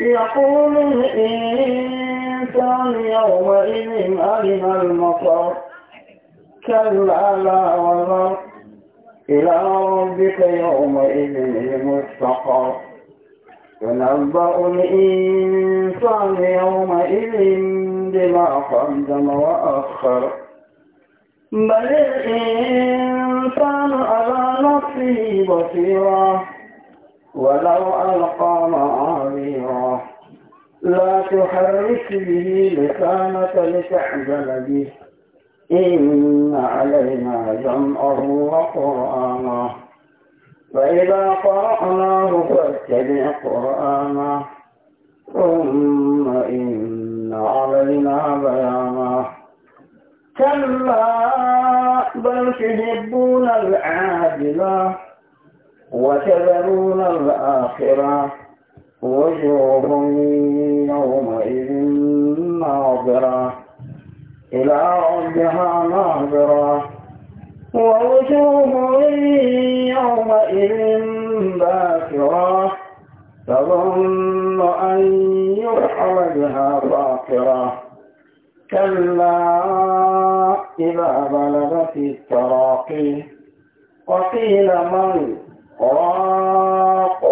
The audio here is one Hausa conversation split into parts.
يقول الإنسان يومئذ أين المطر كلا لا وزر إلى ربك يومئذ المستقر ونبأ الإنسان يومئذ بما قدم وأخر بل الإنسان على نفسه بصيرا ولو ألقى معاذيره لا تحرك به لسانك لتعجل به إن علينا جمعه وقرآنه فإذا قرأناه فاتبع قرآنه ثم إن علينا بيانه كلا بل تحبون العاجله وتذرون الآخرة وجوه يومئذ ناظرة إلى ربها ناظرة ووجوه يومئذ باكرة تظن أن يحرجها بها باكرة كلا إذا بلغت التراقي وقيل من الفراق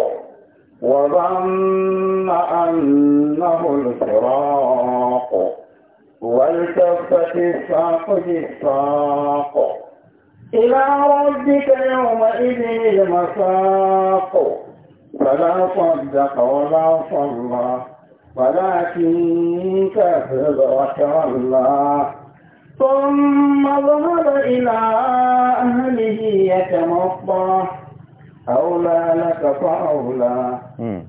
وظن أنه الفراق والتفت الساق بالساق إلى ربك يومئذ المساق فلا صدق ولا صلى ولكن كذب وتولى ثم ظهر إلى أهله يتمطى أولى لك فأولى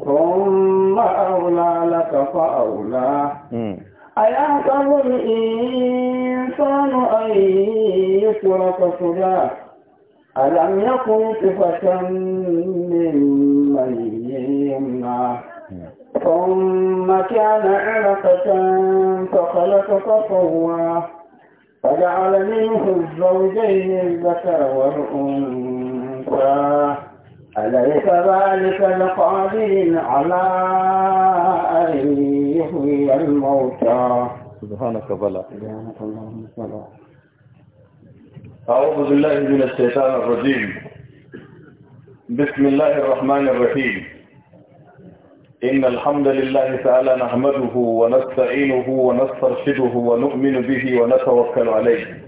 ثم أولى لك فأولى أيحسب الإنسان أن يترك سدى ألم يكن صفة من مني يمنى ثم كان علقة فخلق فصوى فجعل منه الزوجين الذكر والأنثى أليس ذلك القادر على أن يحيي الموتى سبحانك بلى سبحانك اللهم بلى أعوذ بالله من الشيطان الرجيم بسم الله الرحمن الرحيم إن الحمد لله تعالى نحمده ونستعينه ونسترشده ونؤمن به ونتوكل عليه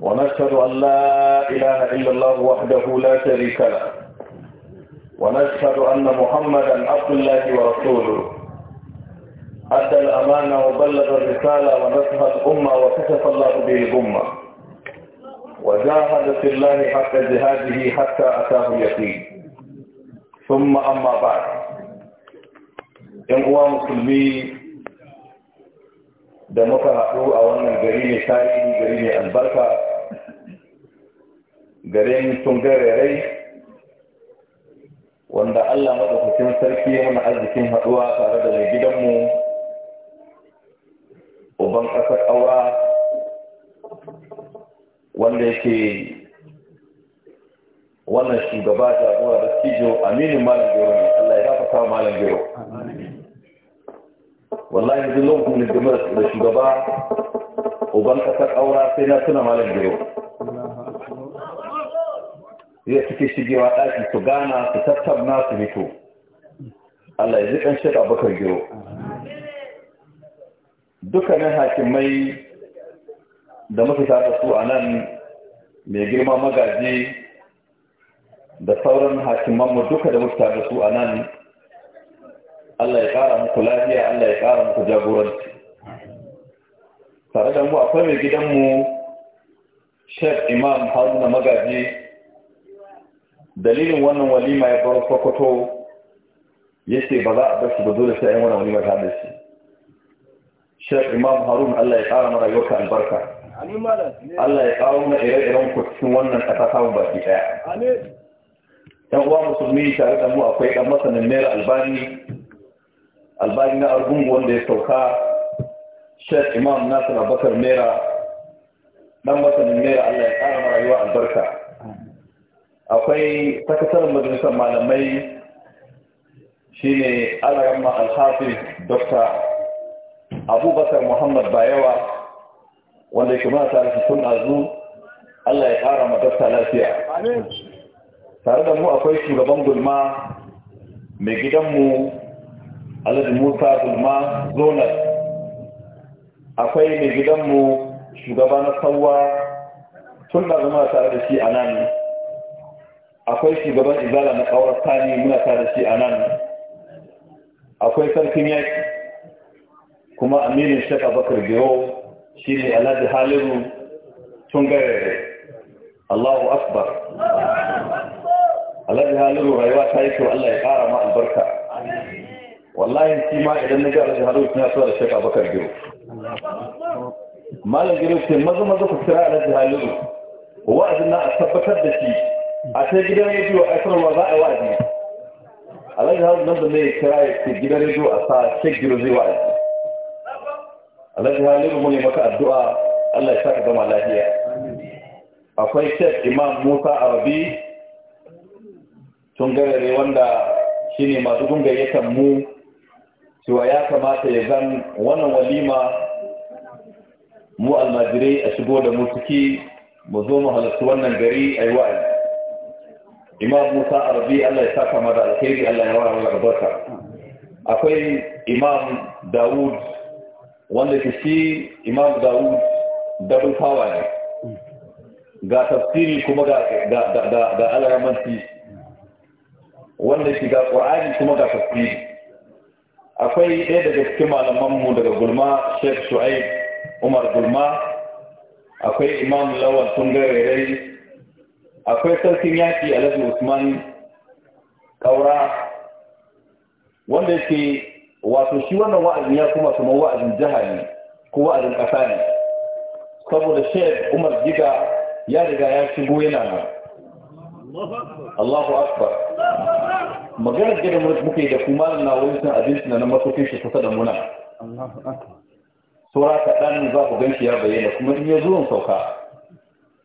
ونشهد أن لا إله إلا الله وحده لا شريك له ونشهد أن محمدا عبد الله ورسوله أدى الأمانة وبلغ الرسالة ونصح الأمة وكشف الله به الأمة وجاهد في الله حق جهاده حتى أتاه اليقين ثم أما بعد إن هو مسلمين da muka haɗu a wannan gari ne tarihi gari ne albarka garin tungarerai wanda Allah maɗaukacin sarki ya arzikin haɗuwa tare da mai gidanmu uban ƙasar Aura wanda yake wannan shugaba jagora da cijo aminin malam gero ne Allah ya dafa kawo malam gero wallahi duk lokacin da jama'a da shugaba uban kasar aura sai na tuna malam jiro ya suke shigewa ɗaki su gana su tattauna su mito. Allah ya ji ɗan shaɗa bakar dukkanin hakimai da muka da su a nan mai girma magaji da sauran hakimanmu duka da muka da su a nan Allah ya ƙara muku lafiya Allah ya ƙara muku jagoranci tare da mu akwai mai gidanmu Sheikh Imam Haruna Magaji dalilin wannan walima ya bar Sokoto ce ba za a bashi ba dole sai an wannan walima ta da shi Sheikh Imam Harun Allah ya ƙara mana yau albarka Allah ya ƙara mana ire-iren ku wannan ƙasa samun baki ɗaya. Amin. Yan uwa musulmi tare da mu akwai ɗan masanin Naira Albani albani na argungu wanda ya sauka shek imam nasir abakar mera dan watanin mera allah ya kara rayuwa albarka akwai takasar majalisar malamai shine alarama alhafi dr abubakar muhammad bayawa wanda yake mana tare tun azu allah ya kara ma dokta lafiya tare da mu akwai shugaban gulma mai gidanmu alhaji musa zulma zonar akwai mai gidanmu shugaba na sauwa tun da zama tare da shi a nan akwai shugaban izala na kawar sani muna tare da shi a nan akwai sarkin yaki kuma aminin shaka bakar biro shi ne alhaji haliru tun gare allahu akbar alhaji haliru rayuwa ta yi kyau allah ya kara ma albarka wallahi shi ma idan na ga alhaji haru suna tsara shaka bakar giro malam giro ce maza maza ku kira alhaji haru wa'azin na a tabbatar da shi a ta gidan rediyo a sanarwa za a wa'azi alhaji haru nan da mai kira ya ce gidan rediyo a sa shek giro zai wa'azi alhaji haru mun yi maka addu'a Allah ya saka gama lafiya akwai shek imam musa arabi tun gare wanda shine masu gungayyakan mu cewa ya kamata ya zan wannan walima mu almajirai a shigo da mu ciki mu zo mu halarci wannan gari a yi wa'azi imam musa arabi allah ya saka mada alkhairi allah ya wa albarka akwai imam dawud wanda ke shi imam dawud double fawa ne ga tafsiri kuma ga alamanti. wanda ke ga ƙwa'ani kuma ga tafsiri akwai ɗaya daga cikin malamanmu daga gulma sheikh shu'aib umar gulma akwai imam lawan tungarerai akwai sarkin yaƙi alhaji usman kaura wanda yake wato shi wannan wa'azin ya kuma kuma wa'azin jiha ne ko wa'azin ƙasa ne saboda sheikh umar jiga ya riga ya shigo yana nan Allahu akbar maganar da muka yi da kuma na wancan abinci na masaukin shi kusa da muna saura kaɗan za ku gan shi ya bayyana kuma in ya zuwan sauka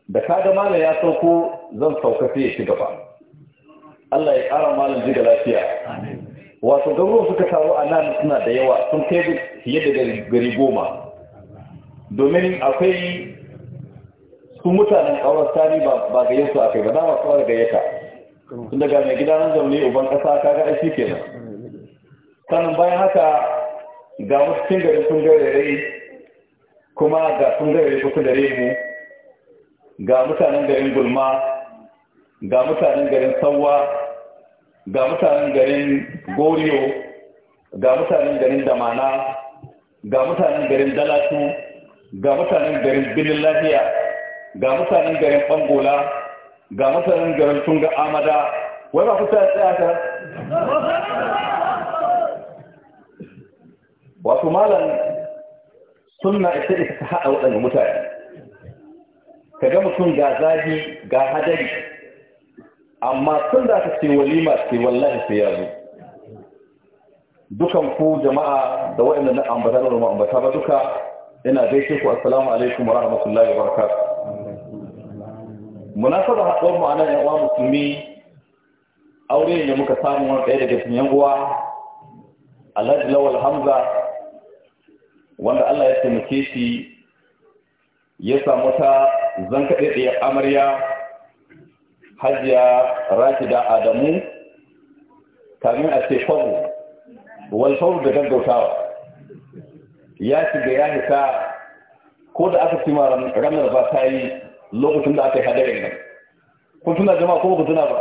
da ka ga malam ya sauko zan sauka sai ya ci gaba Allah ya ƙara malam ji ga lafiya wato garuruwan suka taru a nan suna da yawa sun kai fiye da gari goma domin akwai su mutanen ƙawar sani ba ga yin su a kai ba dama kawai gayyata tun daga mai gida nan zaune uban ka ga aiki kenan sannan bayan haka ga wasu cin garin sun gairare kuma ga sun gairare kusa da mu ga mutanen garin gulma ga mutanen garin sauwa ga mutanen garin goriyo ga mutanen garin damana ga mutanen garin dalatu ga mutanen garin binin lafiya ga mutanen garin bangola ga masanin garin sun ga amada wai ba kusa tsaya ta wasu malam suna ita ita ta haɗa waɗanda mutane ka ga mutum ga zafi ga hadari amma sun da ka ce walima ce wallahi sai ya dukan ku jama'a da waɗanda na ambata da ambata ba duka ina gaishe ku assalamu alaikum wa rahmatullahi wa barakatuh munasaba haɗuwar mu anan wa uwa musulmi aure ne muka samu wani ɗaya daga cikin uwa Alhaji Lawal Hamza wanda Allah ya taimake shi ya samu ta zanka ɗaya amarya hajiya Rashida Adamu kamin a ce kwabo wal fawr da gaggautawa ya shiga ya hita ko da aka cima ranar ba ta yi lokacin da aka yi hadarin nan kun tuna jama'a ko ku tuna ba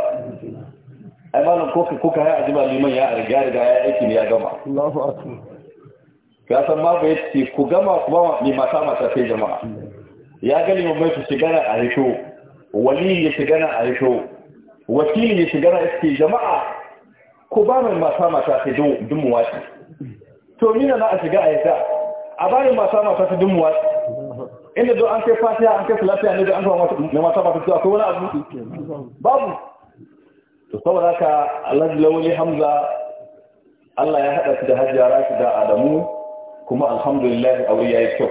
ai malam ko ko ka ya ajima liman ya riga riga ya aiki ne ya gama Allahu akbar ya san ma ba yace ku gama ku ba ni mata mata sai jama'a ya ga liman bai su shigana a risho wali ya shigana a risho wakili ya shigana iske jama'a ku ba mai mata mata sai dun dumuwa to mina na a shiga a a bani mata mata sai dumuwa inda don an kai fatiya an kai filafiya ne da an kawo mai mata ba ta zuwa, ko wani abu babu to saboda ka alhaji lawali hamza allah ya haɗa su da hajiya su da adamu kuma alhamdulillah aure ya yi kyau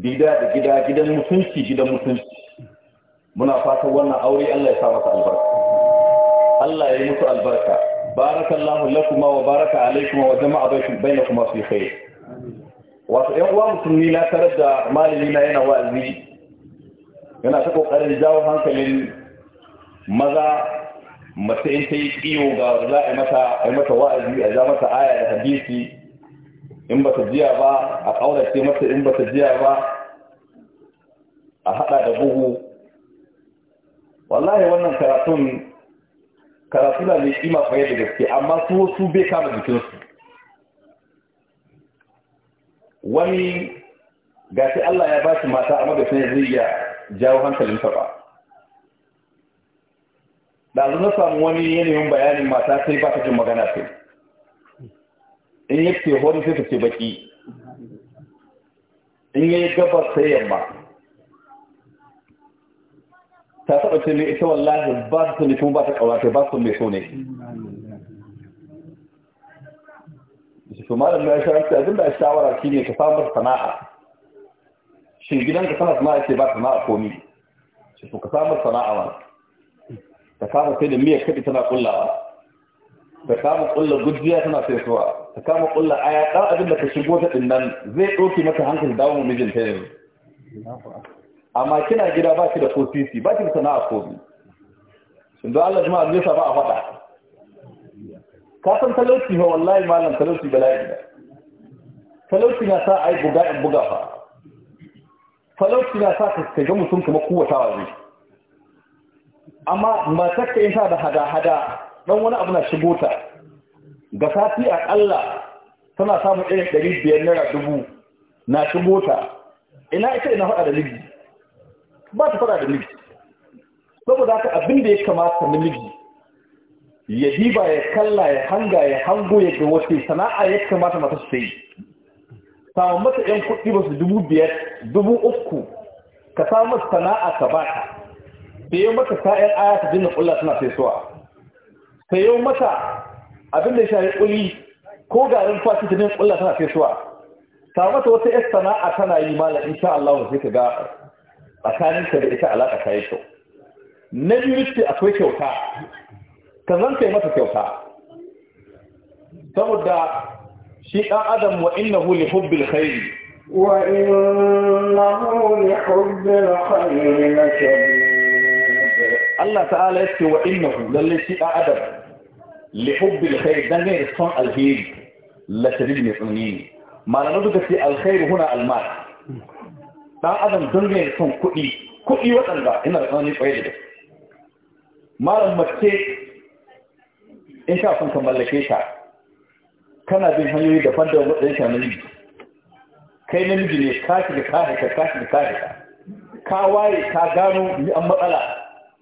gida da gida gidan mutunci gidan mutunci muna fatan wannan aure allah ya sa masa albarka allah ya yi musu albarka barakallahu lakuma wa baraka alaikuma wa jama'a bainakuma fi khair wato ‘yan uwa musulmi na tarar da malami na yana wa'azi yana ta ƙoƙarin jawo hankalin maza mace in ta yi ƙiyo ga za a yi mata wa'azi a ja mata aya da hadisi in ba ta jiya ba a ƙaurace mata in ba ta jiya ba a haɗa da buhu wallahi wannan karatun karatu na mai kima kwaye da gaske amma su su bai kama jikinsu wani ga sai Allah ya ba shi mata a magasin sai zai iya jawo hankalin ta ba da na samu wani yanayin bayanin mata sai ba ta jin magana sai in ya ce hori sai ta ce baki in ya yi gabar sai yamma ta saba ce ne ita wallahi ba su ne kuma ba ta kawace ba su mai so ne ce to malam ya shawara abin abinda a shawara shi ne ka samar sana'a shi gidan ka sana sana'a ce ba sana'a komi shi to ka samar sana'a ma ka kama sai da miyar kaɗi tana kullawa Ka kama kulla gujiya tana sai suwa ka kama kulla aya ɗan abin da ka shigo ta ɗin nan zai ɗauki maka hankali dawo mu mijin ta yanzu amma kina gida ba ki da ko sisi ba ki da sana'a komi shin da Allah jama'a ne sa ba a faɗa ka san talauci ba wallahi malam talauci bala'i ba talauci na sa ai buga in buga fa talauci na sa ka ga mutum kuma kuwatawa ne amma matar in sa da hada-hada dan wani abu na shigo ta ga sati kalla tana samun irin ɗari biyar naira dubu na shigo ta ina ita ina faɗa da miji ba ta faɗa da miji saboda haka abin da ya kamata na miji ya diba ya kalla ya hanga ya hango ya ga wace sana'a ya kamata mata su yi samu mata yan kuɗi ba su dubu biyar dubu uku ka samu sana'a ka ba ta sayo mata sa'yan aya ta dinna kulla tana sai suwa yau mata abin da ya ko garin fashi ta dinna kulla tana sai suwa samu mata wata yan sana'a tana yi mala insha Allah sai ka ga tsakaninka da ita alaƙa ta yi kyau na biyu ce akwai kyauta ka zanta masa kyauta saboda shi ɗan adam wa innahu li hubbil khairi wa innahu li hubbil khairi lakabir Allah ta'ala yace wa hu lalle shi ɗan adam li hubbil khairi dan ne son alheri la shadid ne tsuni malamu duka ce alkhairu huna almal ɗan adam don ne son kuɗi kuɗi waɗanda ina da tsanani kwaye da malam mace in sha kun ka mallake ta kana bin hanyoyi da da wadda sha namiji kai namiji ne ka shiga ka haka ka ka ka waye ka gano ni an matsala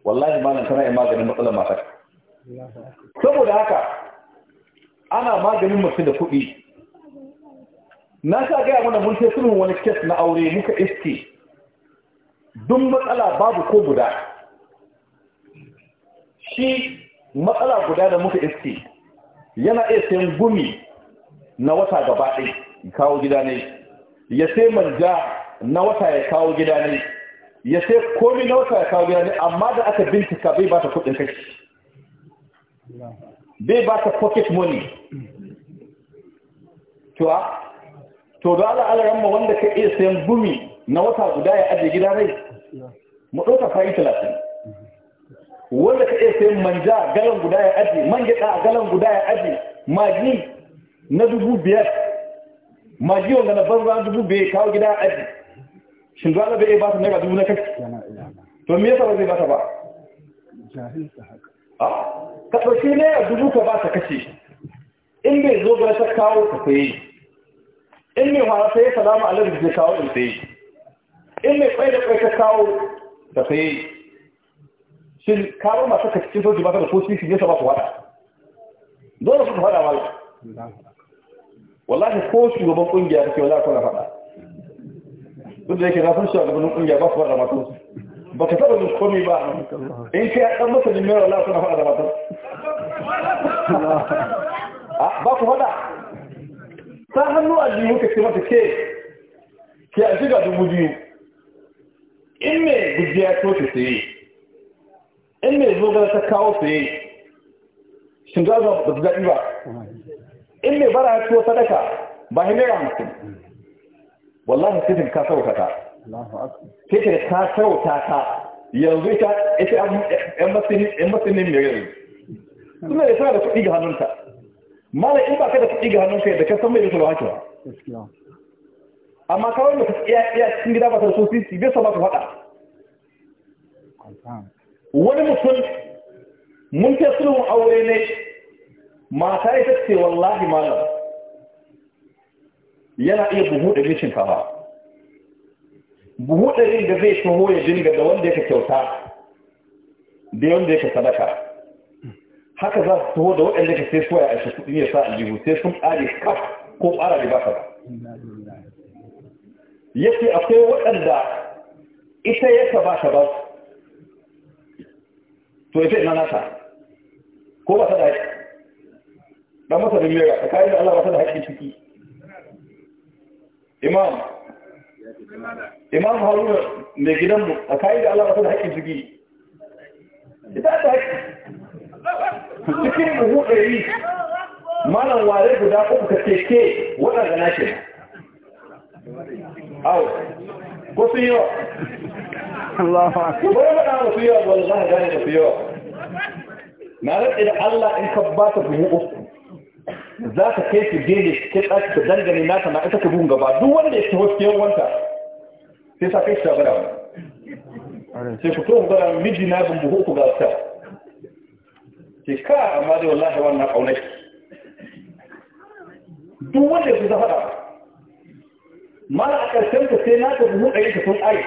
wallahi malam kana yin maganin matsalar matar saboda haka ana maganin mutum da kuɗi na sa gaya mana mun sai sunan wani kes na aure muka iske duk matsala babu ko guda shi matsala guda da muka iske yana iya sayan gumi na wata gaba ɗaya kawo gida ne ya sai manja na wata ya kawo gida ne ya sai komi na wata ya kawo gida ne amma da aka bincika bai ba ta kudin kashi bai bata pocket money tuwa to da ala ala ramma wanda ka iya sayan gumi na wata guda ya ajiye gida ne mu ɗauka fa'i talatin wanda ka iya sayan manja galan guda ya aji, man gyaɗa galan guda ya aji magi na dubu biyar magi wanda na banza dubu biyar kawo gida ya aji? shin zuwa bai iya ba ta naira dubu na kai to me yasa ba zai ba ta ba ka ɗauki naira dubu ka ba ta kashe in bai zo gara ta kawo ka saye in mai hara saye salama alaikum zai kawo in saye in mai kwai da kwai ta kawo ta saye shin kawo masu ka cikin soji ba ta da soci shi nesa ba su wada dole su fada wala wallahi ko shugaban kungiya da ke wala kuna fada duk da yake na san shugaban kungiya ba su fada matan su ba ka taba jin komai ba in kai a dan masa ne wala Allah kuna fada da matan ba ku fada ta hannu a jiyu ka ce mata ke ke a shiga dubu biyu in me gujiya ko ta sai in mai gara ta kawo saye shi za ba su daɗi ba in mai bara ya tuwa sadaka ba ya naira mutum wallahi sai ka sauka ta sai ka ta sauka ta yanzu ita ita yan masinin mai yanzu suna da tana da kuɗi ga hannunta mana in ba ka da kuɗi ga hannunta yadda ka san mai rufe ba amma kawai da iya iya cikin gida ba ta da sosisi bai sa ba ka faɗa wani mutum mun ta sulhun aure ne mata ita ce wallahi malam yana iya buhu da mishin shinkafa buhu da rin da zai taho ya dinga da wanda yake kyauta da wanda yake sadaka haka za su taho da waɗanda ka sai suwa ya aishi kudin ya sa aljihu sai sun ƙari kaf ko ƙara da baka ba ya ce akwai waɗanda ita ya ba ka ba su to yake ce nasa ko ba ta da shi dan masa da miyar a Allah ba ta da haƙi ciki imam imam haruna mai gidanmu a da Allah ba ta da haƙi ciki ita ta haƙi cikin buhu ɗari malam ware guda uku ka keke waɗanda na ke au ko sun yi wa الله أكبر ما رأي الله إن كبات بموقف ذاك كيف جيلش كيف أكت دلجني ناسا ما إتك بهم قبع دو وانا ليش تهوش كيو وانتا تيسا كيش تغرا سيكتوه غرا مجي نابن بهوك وغلتا تيكا أمادي والله وانا قولك دو وانا ليش ما لا أكتر سنك سيناك بهوك عيش تهوش أي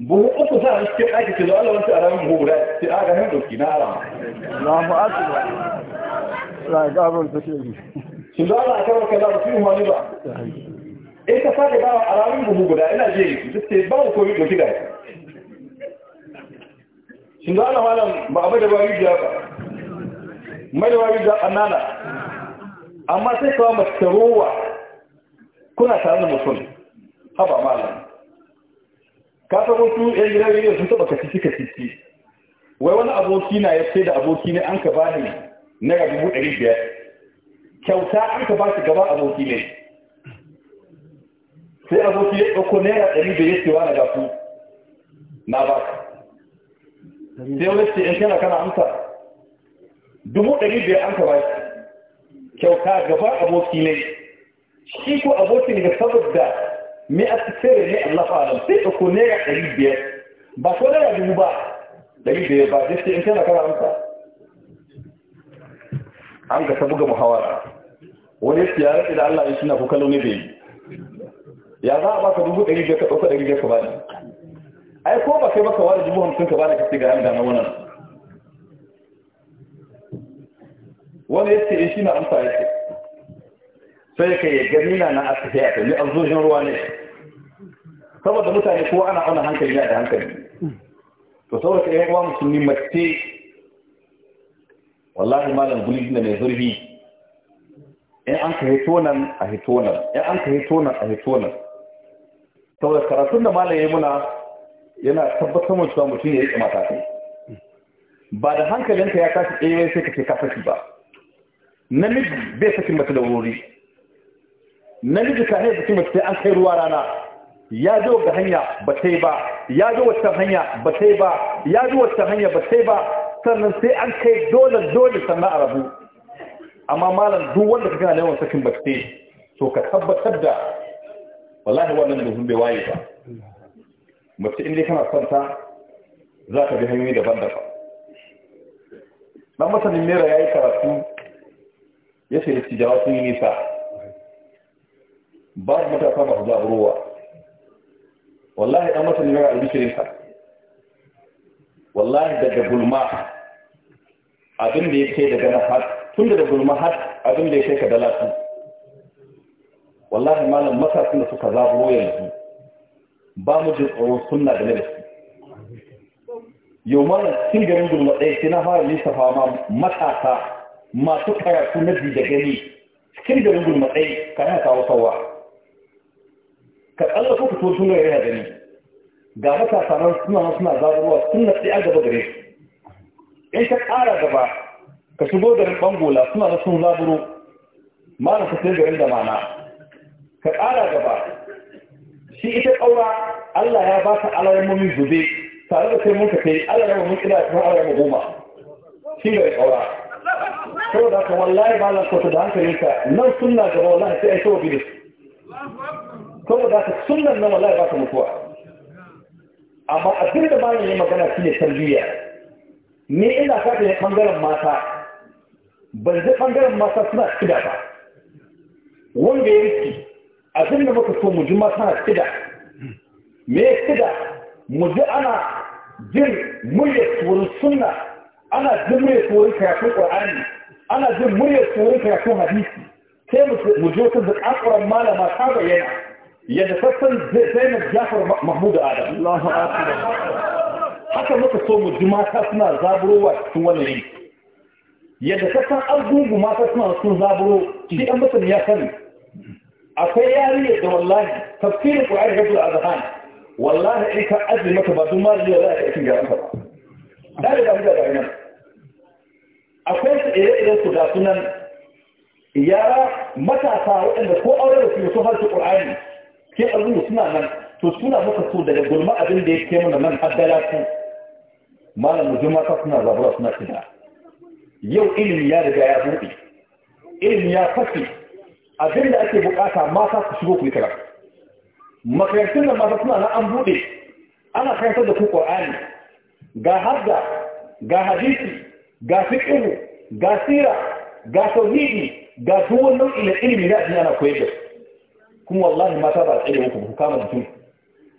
buhu uku za a cikin aiki ke zo Allah wani tsara min guda sai a nan dauki na arama na mu a ba la gabon ta shi shi da Allah aka maka da su wani ba in ka sake ba alamin buhu guda ina je duk sai ba ko yi dauki da shi da Allah malam ba abu da ba yi da ba mai da wani da anana amma sai kawo masu tarowa kuna tare da mutum haba malam ka san wasu yan gidan rediyo sun taba kaci suka cici wai wani aboki na ya ce da aboki ne an ka ba ni naira dubu ɗari biyar kyauta an ka ba shi gaba aboki ne sai aboki ya ɗauko naira ɗari biyar ya ce wa na gafu na ba ka sai wani ce in kana kana amsa dubu ɗari biyar an ka ba shi kyauta gaba aboki ne shi ko abokin da saboda me a ne Allah fa fa'alam sai ɗauko ga ɗari biyar ba ko naira dubu ba ɗari biyar ba da in kana kana amsa an ka ta buga muhawara wani ya rafi da Allah ya suna ko kallo ne bai ya za a baka dubu ɗari biyar ka ɗauka ɗari biyar ka bani ai ko ba kai baka wani dubu hamsin ka bani ka ce ga an dama wannan wani ya ce in shi na amsa ya ce sai ka yi ganina na aka sai ta ni azujin ruwa ne saboda mutane kowa ana auna hankali da hankali to saboda ɗaya uwa musulmi mace wallahi malam gulbi da mai zurfi in an ka hito nan a hito nan in an ka hito nan a hito nan saboda karatun da malam ya muna yana tabbatar mu cewa mutum ya yi mata kai ba da hankalinka ya tashi ɗaya eh, sai ka ce ka saki ba namiji bai saki mace da wuri namiji ka haifa cikin sai an kai ruwa rana ya zo ga hanya ba sai ba ya zo wata hanya ba sai ba ya zo wata hanya ba sai ba sannan sai an kai dole dole sannan a rabu amma malam duk wanda ka gana yawan sakin sai to ka tabbatar da wallahi wannan da sun bai waye ba mace inda kana santa za ka bi hanyoyi daban-daban dan masanin mera ya karatu ya da tijawa sun yi nisa ba da matasa masu zaburowa wallahi ɗan masu nemi ka wallahi daga gulma abin da ya kai daga na hat tun daga gulma hat, abin da ya kai ka dalatu wallahi malam matasan da suka zaburo yanzu ba mu jin tsoron suna da nabi yau malam cikin garin gulma ɗaya sai na fara nisa ma matasa masu karatu na da gani cikin garin gulma ɗaya kan haka kawo ka kalla ko fito sun ga yana gani ga matasa nan suna suna zaruruwa sun na tsaye gaba gare su in ka ƙara gaba ka shigo da bangola suna na sun zaburo malam ka sai garin da mana ka ƙara gaba shi ita ƙaura Allah ya ba ta alamomin zube tare da sai mun ka kai alamomin ila ta alamomin goma shi ga ƙaura saboda ka wallahi malam ka ta da hankalinka nan suna gaba wallahi sai ai tawabi da su saboda ta sunan nan wallahi ba ta mutuwa amma cikin da bayan yi magana shine tarbiyya ni ina ka ta bangaren mata ban ji bangaren mata suna kida ba wanda ya a cikin da muka so mu ji mata suna kida me kida mu ji ana jin muryar wurin sunna ana jin muryar tsoron karatun ƙwararri ana jin muryar tsoron karatun hadisi sai mu ji wata zakakuran malama ta bayyana يتفصل زينة جعفر محمود آدم الله أكبر حتى لو تصوم الجماعة تسمع زابرو وتوالي يتفصل أرجوك ما تسمع سن زابرو شيء أمس ياسن أخياري يد والله تفكير القرآن قبل الأذهان والله إنك أدري ما تبقى دماء لي ولا أكين جعفر دار دار دار دار أخيس إيه إيه, إيه سجا سنن يارا متى ساوئن بس هو أولا في مصوحة القرآن ke ɗan suna nan to suna muka so daga gulma abin da ya ke mana nan haddala su malam mu jumata suna zabura suna suna. yau ilimi ya riga ya buɗe ilimi ya fashe abin da ake bukata mata ku shigo ku yi makarantun nan mata suna na an buɗe ana karantar da ku ƙwa'ani ga hadda ga hadisi ga fiƙiru ga sira ga tauhidi ga duwannan, nau'i nau'in ilimi na ana koyar da su kuma wallahi mata ba tsaye muku ku kama mutum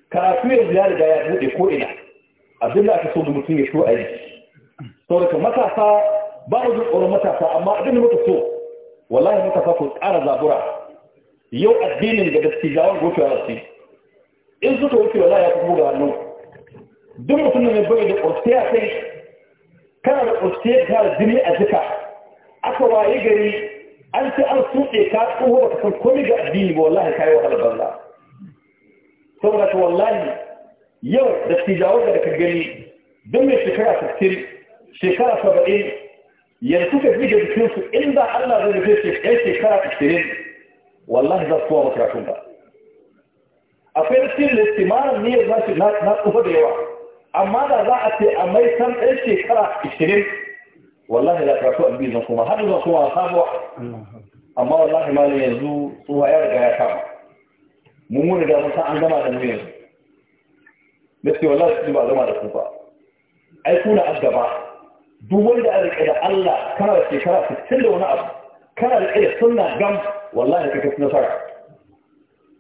karatu ya ya da ya buɗe ko ina abinda aka so da mutum ya so a yi saboda matasa ba mu jin tsoron matasa amma abinda muka so wallahi matasa ku tsara zabura yau addinin da ga wani da su in suka wuce wallahi ya kuma ga hannu duk mutumin mai bai da ƙursiya sai kana da ƙursiya kana da jini a jika aka waye gari an ce an tuɗe ka tsoho baka san komai ga addini ba wallahi kai wahala banza saboda ka wallahi yau da tijawar da ka gani don mai shekara sittin shekara saba'in yanzu ka fi da jikinsu inda Allah zai rufe shi ɗan shekara ashirin wallahi za su kowa makaratun ba akwai rikin da ke mara niyyar na tsufa da yawa amma da za a ce a mai san ɗan shekara ashirin wallahi da karatu addini nan kuma har da kowa sabuwa amma wallahi malam yanzu tsoha ya riga ya kama mun mun riga mun san an gama da mu yanzu gaskiya wallahi ba zama da ku ba ai kuna a gaba duk wanda a rike da Allah kana da shekara 60 da wani abu kana da rike sunna gam wallahi kake nasara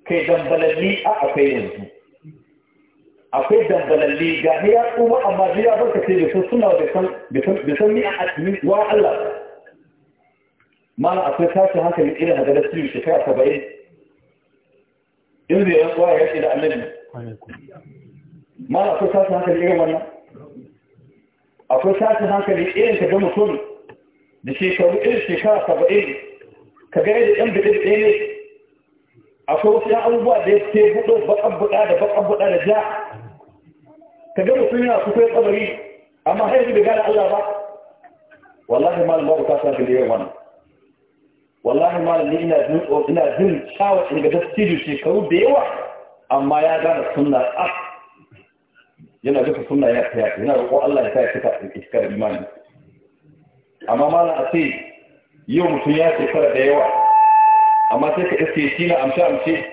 kai dan balalli a akwai yanzu akwai dangalalli ga ya kuma amma da ya barka ce da suna da san ni a asmin wa Allah mana akwai tashin hankali irin hadarar sirri shekara saba'in in zai rantsuwa ya yake da annabi mana akwai tashin hankali irin wannan akwai tashin hankali irin ka ga mutum da shekaru irin shekara saba'in ka ga yadda yan bidin ɗaya ne akwai wasu yan abubuwa da ya ke buɗo baƙan buɗa da baƙan buɗa da ja ka ga mutum yana kusa ya tsabari amma har yanzu bai gane Allah ba wallahi malam babu kasa da yawan wannan wallahi malam ni ina jin ina jin shawa in ga dattijo shekaru da yawa amma ya gane sunna tsaf yana duka sunna ya tsaya yana roƙo Allah ya sa ya cika cika da imani amma malam a ce yau mutum ya shekara da yawa amma sai ka iske shi na amshe amshe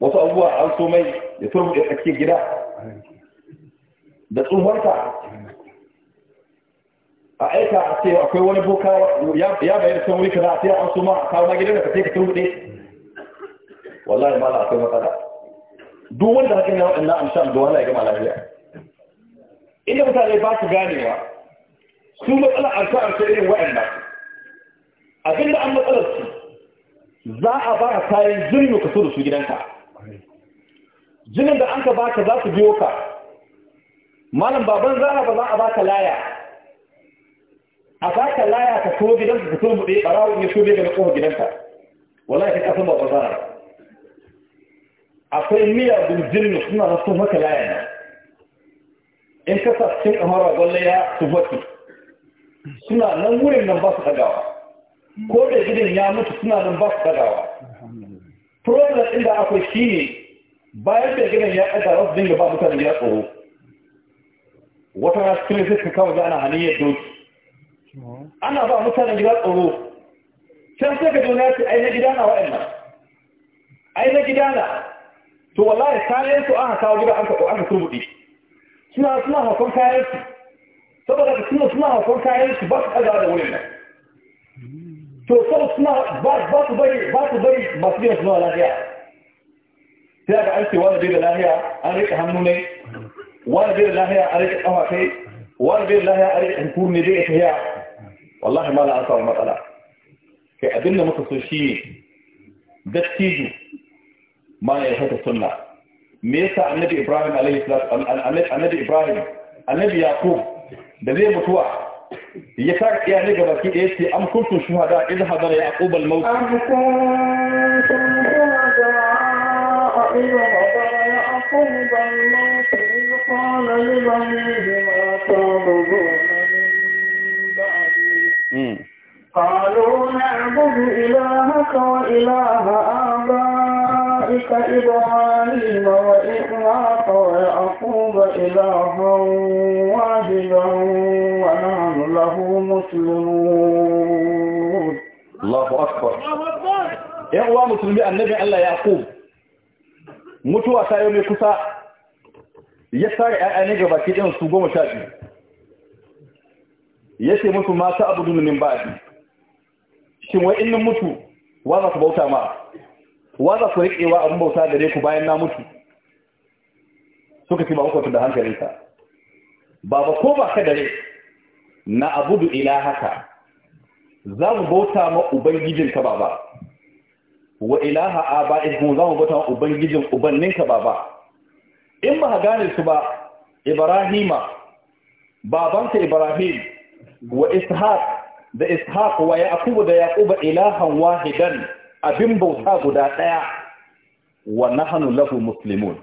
wasu abubuwa an so mai da son a cikin gida da tsohonta a aika a ce akwai wani boka ya bayar son wuri kada a ce an suma a kawo na gidan da ka sai ka turbuɗe wallahi ma na akwai matsala duk wanda hakan ya waɗannan amshan da wani ya gama lafiya inda mutane ba su ganewa su matsala a amsha ta irin waɗannan abinda an matsalar su za a ba a kayan zulmi ka so da su gidanka jinin da an ka baka za su biyo ka malam baban zara ba za a baka laya a baka laya ka so gidan ka so mu ɗaya rawar ya so bai daga ƙofar ka wallahi kai kasan baban zara akwai miya gurjirin suna na so maka laya ne in ka sa cikin kamar ya su baki suna nan wurin nan ba su ɗagawa ko da gidan ya mutu suna nan ba su ɗagawa problem inda akwai shi ne bayan da gidan ya ƙaga za su dinga ba mutane ya tsoro wata na cikin sai ka kawai ana haniyar doki ana ba mutane gida tsoro can sai ka ji na ce ai na gida na wa'annan ai na gida na to wallahi kayan su aka kawo gida an ka aka turbuɗe suna suna hakon kayan su saboda ka suna suna hakon kayan su ba su ƙaga da wurin nan to saboda suna ba su bari ba su bari masu gina suna lafiya sai da an ce wani bai da lahiya an rike hannu ne wani bai da lahiya an rike kafa kai wani bai da lahiya an rike hankuri ne zai tafiya wallahi ma na an samu matsala kai abin da muka so shi dattijo ma ya haka sunna me yasa annabi ibrahim alaihi salatu annabi ibrahim annabi yaqub da zai mutuwa ya saka iyane gaba ki da yace am kuntum shuhada idh hadara yaqub al-maut am kuntum وإذا حضر يعقوب الموت إذ قال لبنيه ما تعبدون من بعدي قالوا نعبد إلهك وإله آبائك إبراهيم وإسحاق ويعقوب إلها واحدا ونحن له مسلمون الله أكبر الله أكبر يا الله مسلمي النبي الله يعقوب mutuwa ta yi mai kusa ya tsari ‘ya'ya ne ga baki ɗin su goma sha biyu ya ce musu mata abu dununin ba a shin wai inin mutu wa za ku bauta ma wa za ku riƙewa abin bauta da ku bayan na mutu suka fi ba da hankalinsa ba ba ko ba ka dare na ila haka. za mu bauta ma ubangijinka ba ba wa ilaha aba'ihum za mu bauta ubangijin ubanninka baba in ba gane su ba ibrahima babanka ibrahim wa ishaq da ishaq wa yaqub da yaqub ilahan wahidan abin bauta guda daya wa nahnu lahu muslimun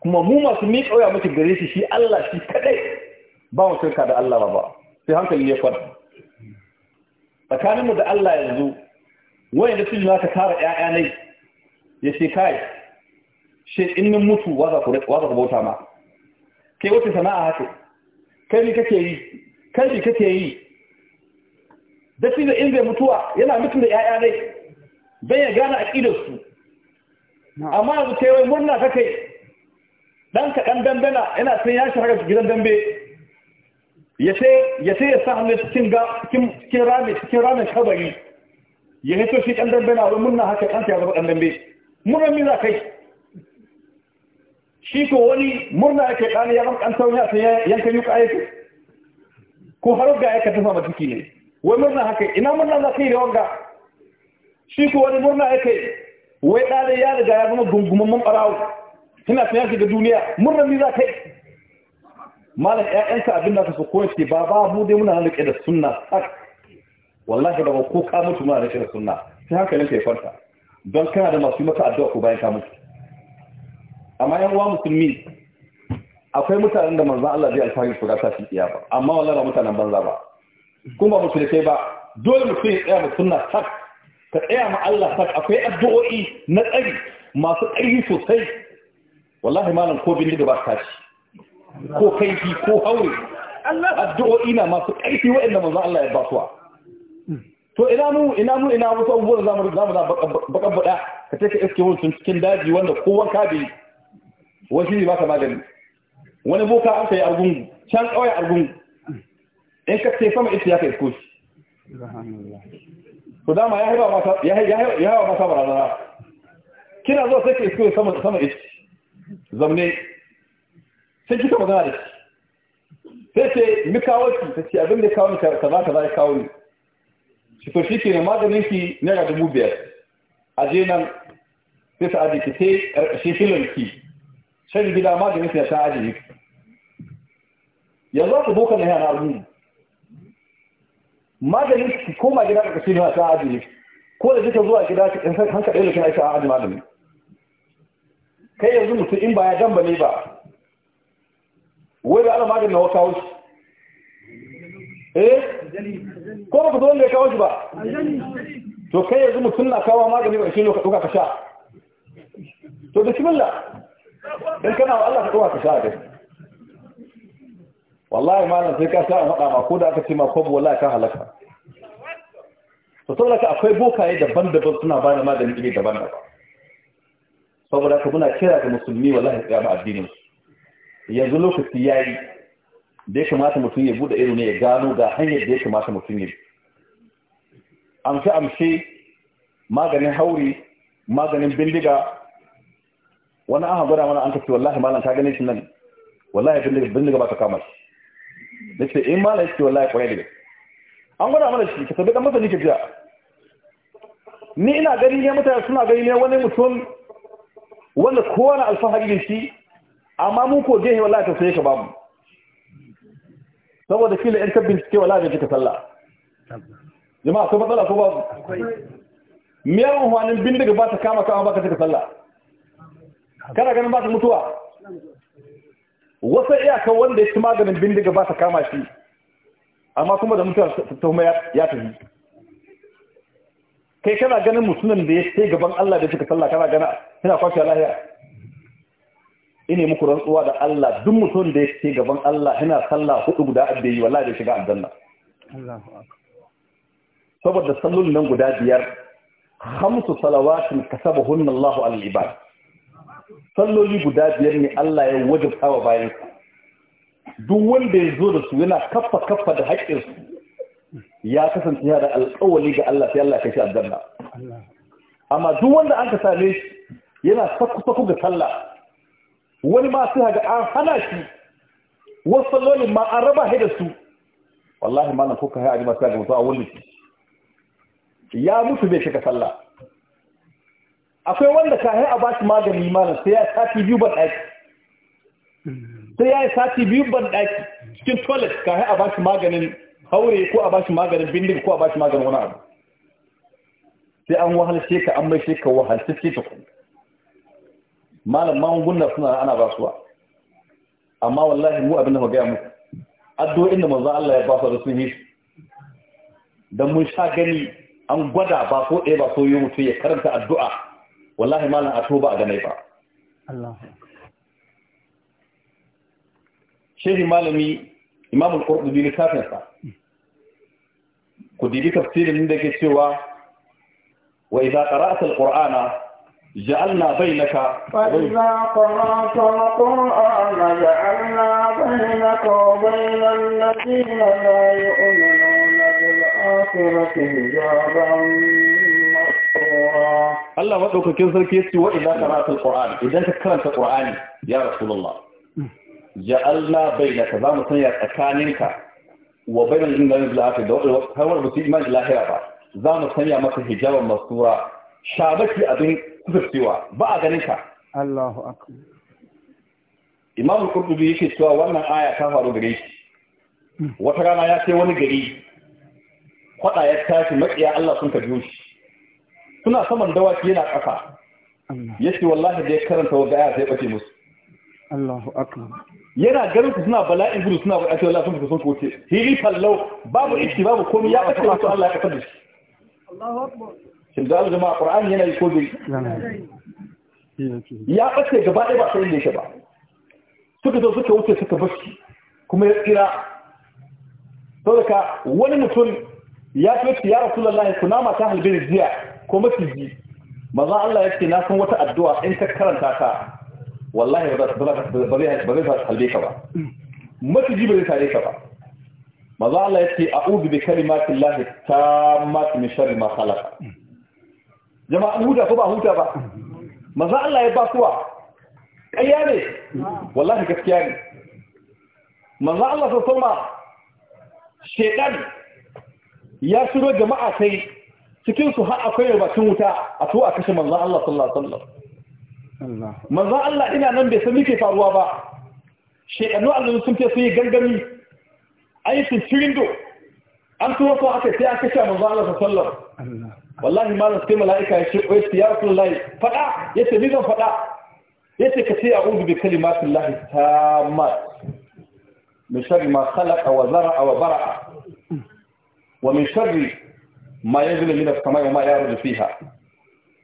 kuma mu masu miƙa waya miki gare shi shi Allah shi kadai ba mu shirka da Allah ba sai hankali ya kwanta tsakaninmu da Allah yanzu wayanda sun yi ka tara ƴaƴa ne ya ce kai shi in min mutu waza ku bauta ma kai wace sana'a haka kai ne kake yi kai ne kake yi da shi da in bai mutuwa yana mutum da ƴaƴa ne bai ya gane aqidar su amma yanzu kai wai murna kake dan ka dan dambena yana san ya haka gidan dambe ya sai ya sa hannu cikin rami cikin ramin kabari ya hito shi ɗan dambe na wani murna haka kansa ya zama ɗan dambe murna mi za kai shi ko wani murna yake ɗani ya zama ɗan sauni a sai yanka yuka aiki? ko har ga aika tafa ma jiki ne wai murna haka ina murna za kai da wanga shi ko wani murna yake wai ɗani ya riga ya zama gungumamman ɓarawo tana tana ga duniya murna mi za kai malam ƴaƴansa abin da ta so ce ba ba mu dai muna riƙe da sunna wallahi da ko ka mutu ma rashin sunna sai haka ne kai farka don kana da masu maka addu'a ko bayan ka mutu amma yan uwa musulmi akwai mutanen da manzon Allah zai alfahari su ga ta fi ba amma wallahi ba mutanen banza ba kuma mutu da kai ba dole mutum ya tsaya mu sunna sak ka tsaya ma Allah sak akwai addu'o'i na tsari masu tsari sosai wallahi malam ko bindi da ba ta ci ko kaifi ko haure addu'o'i na masu ƙarfi waɗanda manzon Allah ya basuwa to ina mu ina mu ina wasu abubuwan zamu zamu da baka bada ka ce ka iske wancan cikin daji wanda kowan ka bi wani ba ka magani wani boka an kai argungu can kawai argungu in ka ce sama ita ya kai isko to dama ya haiba mata ya ya haiba mata barazana kina zo sai ka isko sama sama ita zamne sai kika magana da shi sai ce mika kawo sai ce abin da kawo ni kaza za ka kawo ni to shi na maganin ki naira dubu biyar a je nan sai ta aji ki sai ƙarƙashin filin ki shan gida maganin ki na ta aji ki yanzu ku boka na yana abu maganin ki koma gida ƙarƙashin na ta aji ki ko da duka zuwa gida ki hanka ɗaya kina aisha aji maganin kai yanzu mutum in ba ya dambale ba wai da ana maganin na wata wasu eh ko ba ku zo ne kawo shi ba to kai yanzu mutum na kawo magani ba shi ne ka ɗuka ka sha to da bismillah in kana wa Allah ka ɗuka ka sha dai wallahi malam sai ka sha a faɗa ma ko da aka ce ma ko wallahi ka halaka to saboda ka akwai bokaye daban-daban suna ba da magani iri daban-daban saboda ka muna kira ga musulmi wallahi tsaya ba addinin yanzu lokaci ya yi. da ya kamata mutum ya bude ido ya gano ga hanyar da ya kamata mutum ya bi amshi amshi maganin hauri maganin bindiga wani aka gwada mana an tafi wallahi malam ta gane shi nan wallahi bindiga ba ta kama shi ce in eh, malam shi wallahi kwaye daga an gwada mana shi ka sabi dan masa nike jiya ni ina gani ne mutane suna gani ne wani mutum wanda kowane alfahari da shi amma mu ko gehe wallahi ta sai ka bamu saboda kila in ka bincike wala ga jika sallah jama'a akwai matsala ko su. miyan amfanin bindiga ba ta kama kama ba ka jika sallah kana ganin ba ta mutuwa wasu iyakan wanda ya ci maganin bindiga ba ta kama shi amma kuma da mutuwa ta kuma ya tafi kai kana ganin musulun da ya ce gaban Allah da jika sallah kana gana yana kwashi lahiya ine muku rantsuwa da Allah duk mutum da yake gaban Allah yana sallah hudu guda abbe yi wallahi da shiga aljanna saboda sallolin nan guda biyar khamsu salawatin kasabahun Allah al ibad salloli guda biyar ne Allah ya wajabta wa bayan duk wanda ya zo da su yana kaffa kaffa da haƙƙin su ya kasance ya da alƙawali ga Allah sai Allah ya kashi aljanna amma duk wanda an ka same shi yana sakku sakku ga sallah wani ma sai an hana shi wasu sallolin ma an raba shi da su wallahi ma na ko ka haɗi masu yaga a wani ya mutu bai shiga sallah akwai wanda ka haɗa ba shi magani na sai ya sati biyu ban ɗaki sai ya yi sati biyu ban ɗaki cikin toilet ka haɗa ba shi maganin haure ko a ba shi maganin bindiga ko a ba shi maganin wani abu sai an wahalce ka an mai shi ka wahalce ce ta kuma malam gunna suna ana ba suwa amma wallahi mu abin da magaya mu addu'o'in da manzo Allah ya ba su da sun yi dan mun sha gani an gwada ba so ɗaya ba so yi mutum ya karanta addu'a wallahi malam a toba a ganai ba Allah shehi malami imamul qurtubi ne kafin sa ku dibi tafsirin da ke cewa wa idza qara'ta alqur'ana جعلنا بينك فإذا قرأت القرآن جعلنا بينك وبين الذين لا يؤمنون بالآخرة حجابا Allah maɗaukakin sarki ya ce wa idan karatu al-Qur'ani idan ka karanta Qur'ani ya Rasulullah ja'alna bainaka za mu sanya tsakaninka wa bainal jinnatin bil akhir da har wanda mutum imani lahira ba za mu sanya maka hijaban masura shabaki abin cewa ba a ganin ka Allahu akbar Imam Qurtubi yake cewa wannan aya ta faru gare shi wata rana ya kai wani gari Kwaɗa ya tashi makiya Allah sun ka biyo shi suna saman dawaki yana ƙasa Ya yace wallahi da ya karanta wa aya sai bace musu Allahu akbar yana ganin su suna bala'in gudu suna buƙatar Allah sun fuka sun koce hiri fallau babu ishi babu komai ya bace musu Allah ya kasar da shi Allahu akbar shin za zama ƙur'ani yana yi ko ya ɓace gaba ɗaya ba sai inda yake ba suka zo suka wuce suka bashi kuma ya tsira ka wani mutum ya ce ya rasulullahi kunama ta halbin jiya ko maciji maza Allah ya ce na san wata addu'a in ka karanta ta wallahi ba zai halbe ka ba maciji ba zai tare ka ba maza Allah ya ce a'udhu bi kalimatillahi tammati min sharri ma khalaqa jama'a huta ko ba huta ba manzo Allah ya ba kuwa kayya ne wallahi gaskiya ne manzo Allah sun kuma shedan ya shiro jama'a sai cikin su har akwai rubacin wuta a to a kashe manzo Allah sallallahu alaihi wasallam manzo Allah ina nan bai san me ke faruwa ba shedanu Allah sun ce su yi gangami ayi cirindo an tuwo ko aka sai aka sha manzo Allah sallallahu wallahi malam sai malaika ya ce wai ya kullahi fada yace ni zan fada yace ka ce a'udhu bi kalimatillahi tammat min sharri ma khalaqa wa zara'a wa bara'a wa min sharri ma yanzilu min as-samai wa ma ya'rudu fiha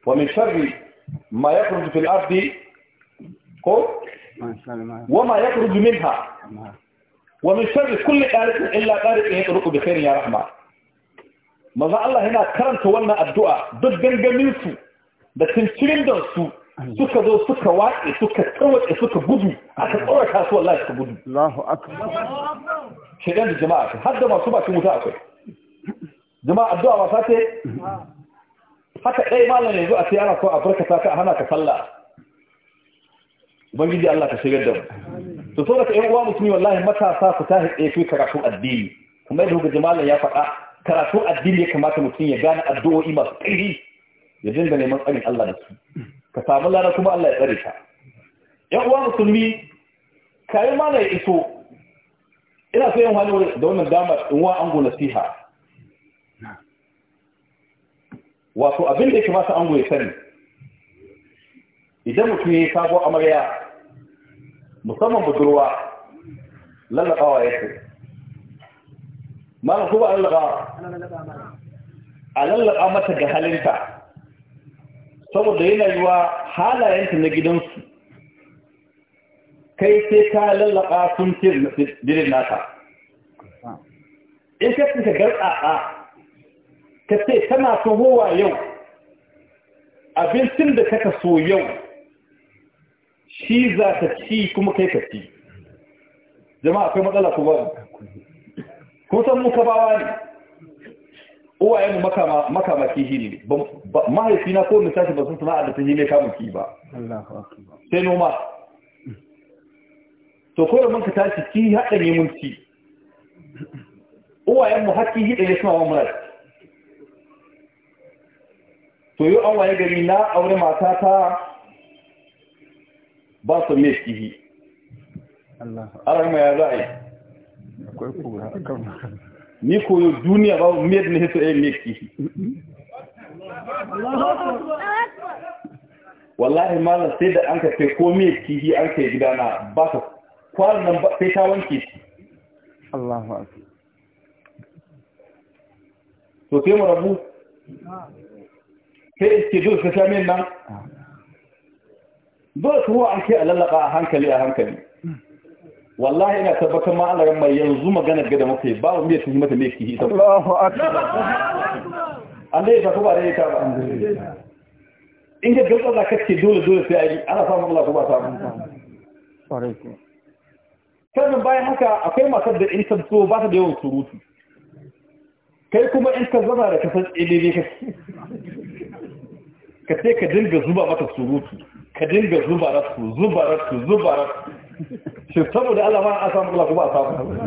wa min sharri ma yakhruju fil ardi ko wa ma yakhruju minha ومن شر كل قارئ إلا قارئ يقرؤ بخير يا رحمة maza Allah yana karanta wannan addu'a duk gangaminsu da tuntunin da su suka zo suka waƙe suka tsawaƙe suka gudu a ka tsawarta su wallahi suka gudu shaidan da jama'a ta har da masu bakin wuta kai. jama'a addu'a ba ta ce haka ɗaya malam yanzu a ce ana so a barkata ka hana ka sallah ubangiji Allah ka shigar da mu to so da ƴan uwa musulmi wallahi matasa ku ta hade fi karatu addini kuma da kuka jimalan ya faɗa karatu addini ya kamata mutum ya gane addu'o'i masu ƙarfi ya dinga neman tsarin Allah da su ka samu lana kuma Allah ya tsare ka ƴan uwa musulmi kai mana ya iso ina so yin wani da wannan damar in wa ango nasiha wato abin da ya kamata ango ya sani idan mutum ya yi sabuwar amarya musamman budurwa lallabawa ya ce mana kuma ba a lallaka a mata da halinta saboda yana yiwa halayenta na gidansu kai sai ka lallaba sun ce dirin nata in ka tsinka garɗaɗa ka ce tana son howa yau abincin da kaka so yau shi za ka ci kuma kai ka ci jama'a akwai matsala ko ba kun san muka bawa ne uwaye mu makama makama kihi ne mahaifina ko misali ba sun sana'a da ta yi mai kamun kihi ba sai noma to kawai mun ka tashi kihi haɗa ne mun ci uwayen mu haƙƙi hida ne suna wa murar to yi an waye gari na aure matata ba su mai shi ya za a yi ni koyo duniya ba mai ne su yi mai kihi wallahi malam sai da an ka kai ko mai kihi an kai gidana ba su kwanan nan ba sai ta wanke shi Allahu sai mu rabu sai iske dole su sha min nan dole kuma an kai a lallaba a hankali a hankali wallahi ina tabbatar ma Allah mai yanzu magana ga da muke ba mu yi mata me kihi ta Allahu akbar Allah ya tafi ba dai ta in ga gaza da kake dole dole sai ai ana samun Allah kuma samu sare ku bayan haka akwai matar da in ta so ba ta da yawan surutu kai kuma in ka zama da kasance ne ne ka sai ka dinga zuba mata surutu ka dinga zuba rasku zuba shi saboda Allah ma a samu Allah kuma a samu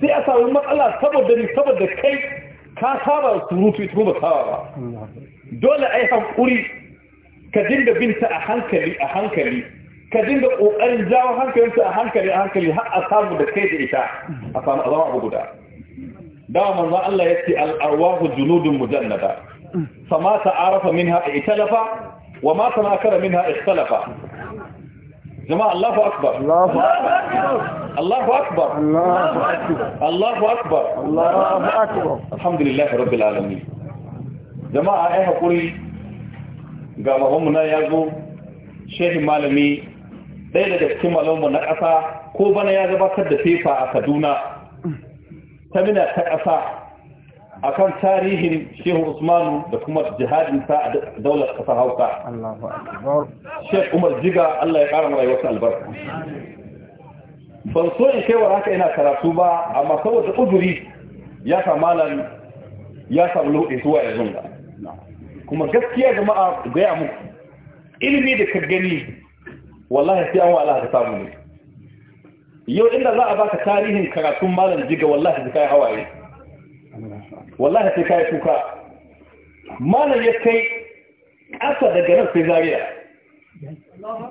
sai a samu matsala saboda ni saboda kai ka saba surutu ita kuma saba ba dole ai hankuri ka dinga binta a hankali a hankali ka dinga kokarin jawo hankalinta a hankali a hankali har a samu da kai da ita a samu azama abu guda dawa manzon Allah ya al arwahu junudun mujannada fama ta'arafa minha italafa wa ma tanakara minha ikhtalafa jama'a Allahu akbar Allahu akbar Allahu akbar Allahu akbar Allahu akbar Allahu akbar alhamdulillah rabbil alamin jama'a ai hakuri ga mahimmu na yazo shehin malami ɗaya daga cikin malamu na ƙasa ko bana ya gabatar da fefa a Kaduna ta mina ta ƙasa akan tarihin shehu usmanu da kuma jihadin sa a daular kasar hausa shek umar jiga allah ya kara rayuwarsa albarka ban so in kaiwar haka ina karatu ba amma saboda uzuri ya samalan ya samu lo'e zuwa yanzu ba. kuma gaskiya jama'a ya muku ilimi da ka gani wallahi sai an wala ka samu ne yau inda za a baka tarihin karatun malam jiga wallahi zai kai hawaye wallahi sai kayi kuka malam ya kai ƙasa daga nan sai zariya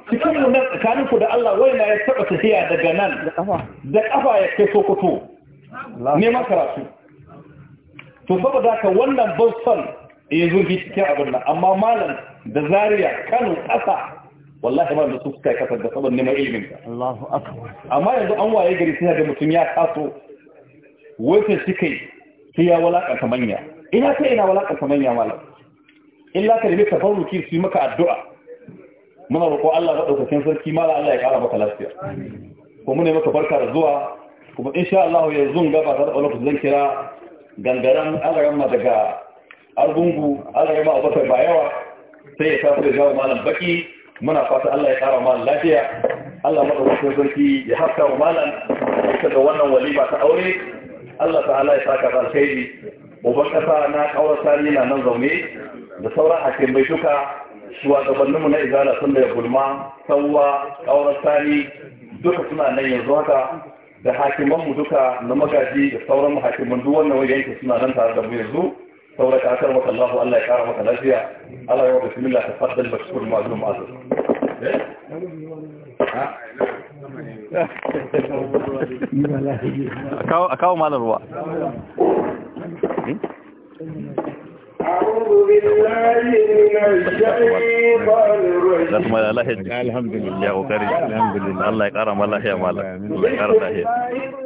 cikin mu nan tsakanin ku da Allah wai na ya taɓa tafiya daga nan da ƙafa ya kai Sokoto neman karatu to saboda haka wannan ban son ya zo cikin abin nan amma malam da zariya Kano ƙasa wallahi ba da su suka kasar da saboda neman ilimin ka amma yanzu an waye gari suna da mutum ya taso wai sai shi kai sai ya walaka ka manya ina sai ina walaka ka manya malam. illa ka rabe tabarruki su yi maka addu'a muna roƙo Allah ba daukakin sarki mala Allah ya kara maka lafiya ko muna maka barka da zuwa kuma insha Allah yanzu gaba da lokacin zan kira gangaren alaran ma daga argungu alaran ma abatar ba yawa sai ya tafi da jawo malam baki muna fata Allah ya kara malam lafiya Allah madaukakin sarki ya haska wa malam ita da wannan walima ta aure Allah ta'ala ya saka alkhairi uban ƙasa na kawar sani na nan zaune da sauran hakimai duka shugabanninmu na izala sun da gulma sauwa kawar sani duka suna nan yanzu haka da hakimanmu duka na magaji da sauran hakiman duk wannan wajen yanki suna nan tare da mu yanzu saboda ka akar maka Allah Allah ya kara maka lafiya Allah ya wa bismillah tafaddal mashkur ma'lum azza a kawo malar ruwa أعوذ بالله من الشيطان الرجيم الحمد لله الحمد لله الله يقرم الله يا مالك الله يقرم الله